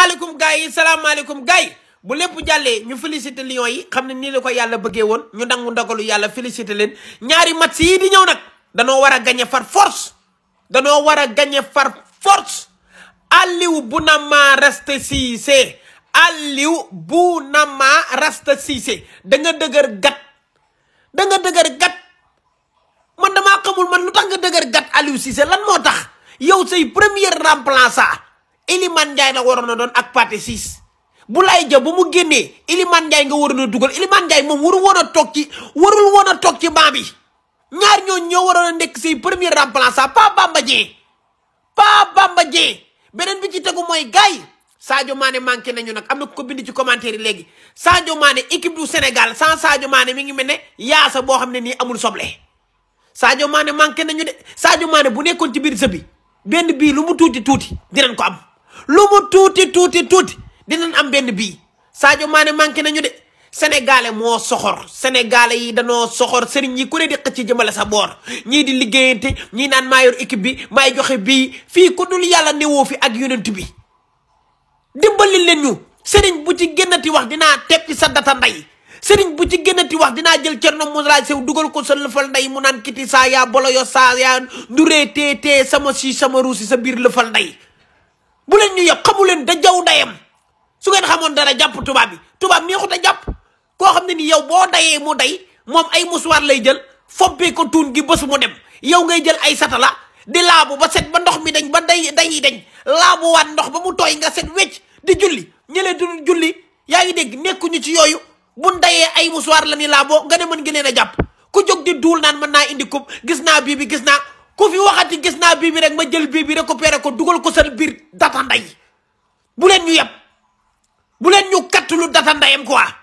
salaamaaleykum gars yi salaamaaleykum gars yi bu lépp jàllee ñu félicité Lions yi xam ne nii la ko yàlla bëggee woon ñu nangu ndogalu yàlla félicité leen ñaari match yii di ñëw nag danoo war a gagné far force danoo war a gagné far force Aliou Bounama Rasta Cissé Aliou Bounama Rasta Cissé da nga dëgër gat da nga dëgër gat man damaa xamul man lu tax nga dëgër gat Aliou Cissé lan moo tax yow say premier remplaçant Iliman Ndiaye na waroon a doon ak Pathé bu Boulaye ja ba mu génnee Iliman Ndiaye nga waroon a dugal Iliman Ndiaye moom warul woon a toog ci warul woon a toog ci banc bi ñaar ñoo ñoo waroon a nekk première premier remplaçant pas Bamba Dieng pas Bamba Dieng beneen bi ci tegu mooy gars yi Sadio Mané manqué nañu nag am na ku ko bind ci commentaire yi léegi Sadio Mané équipe du Sénégal sans Sadio Mané mi ngi mel ne yaasa boo xam ne nii amul soble Sadio Mané manqué nañu de Sadio Mané bu nekkoon ci biir sëb benn bii lu mu tuuti tuuti dinañ ko am. lu mu tuuti tuuti tuuti dinañ am benn bi Sadio Mané manqué nañu de sénégalais moo soxor senegale yi danoo soxor sëriñ yi ku ne di xëcc jëmale sa boor ñii di liggéeyante ñii naan maa yor équipe bi maay joxe bi fii ku dul yàlla newoo fi ak yonent bi dimbali leen ñu sëriñ bu ci ti wax dinaa teppi sa data ndey sëriñ bu ci génnati wax dinaa jël cerno Moulaye Sow dugal ko sa lëfal ndey mu naan kiti sa yaa bolo yo saa yaa nduree tee tee sama si sama ruusi sa biir lëfal ndey bu leen ñu yab xamu leen da jaw dayam su ngeen xamoon dara jàpp tubaab bi tubaab neexut a jàpp koo xam ne ni yow boo dayee mu day moom ay musuwaar lay jël fobbee ko tuun gi bés mu dem yow ngay jël ay satala di laabu ba set ba ndox mi dañ ba day dañuy dañ laabuwaat ndox ba mu tooy nga set wecc di julli ñëlee du julli yaa ngi dégg nekkuñu ci yooyu bu ndayee ay musuwaar la ni laaboo nga ne mën ngi leen a jàpp ku jóg di duul naan mën naa indi kub gis naa bii bi gis naa ku fi waxati gis naa bii bi rek ma jël bii bi rek ko ndeyam quoi